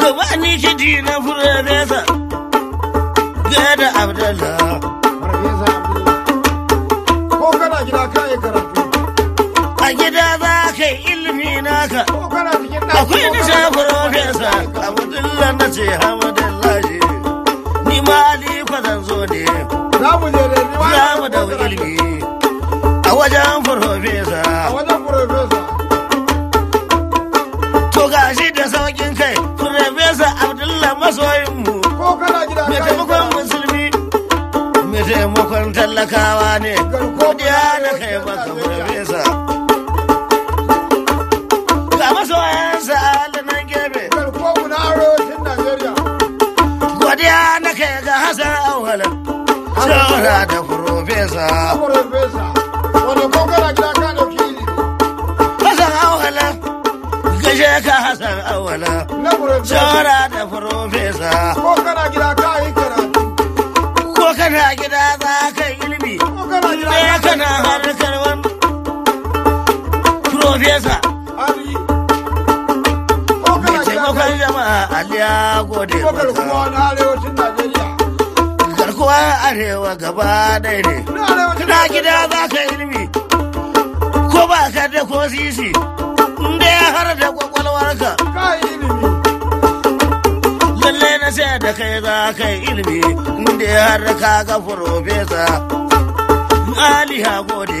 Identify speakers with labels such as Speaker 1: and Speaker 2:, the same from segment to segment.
Speaker 1: ka bani kiɗi na furareza gada abdallah ko kana gida ka karatu a gida za ka yi ilimi naka akwai nisa furareza abdallah na ce hamadallah shi ni ma alifa zan zo ne za mu da ilimi a wajen furareza a wajen to gashi da saukin kai masoyinmu mai taimakon musulmi mai taimakon tallakawa ne godiya na kai baka farfesa ga masoyansa alanan gebe godiya na kai ga hasan auhalar saura da farfesa hasan auhalar gashe ka hasan auhalar saura fesa mai taimakon jama'a aliya gode garkuwa arewa gaba ɗaya ne tuna gida za ka ilimi ko ba ka da ko sisi ya har da kwakwalwarka na sai da kai za ka ilimi inda ya har ka ga gode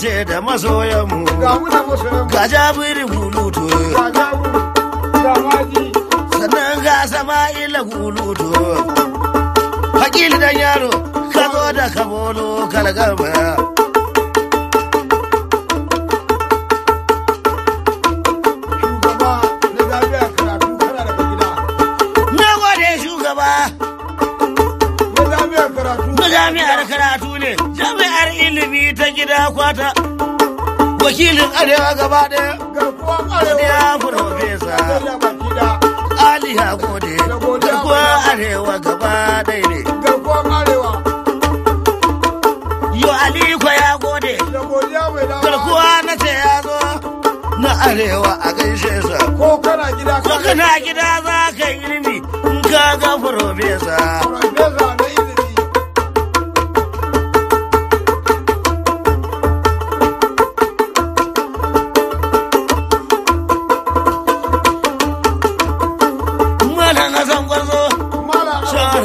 Speaker 1: kashe da masoyanmu ga jabiri hulutu sannan ga sama'ila hulutu hakili dan yaro ka zo da kabolo kalgama jami'ar karatu ne jami'ar ilimi ta gida kwata wakilin arewa gaba ɗaya garkuwar arewa ya profesa ali hakode garkuwar arewa gaba ɗaya ne garkuwar arewa yo aliko ya gode garkuwa na ce ya zo na arewa a gaishe sa ko kana gida za ka yi ilimi in ka ga profesa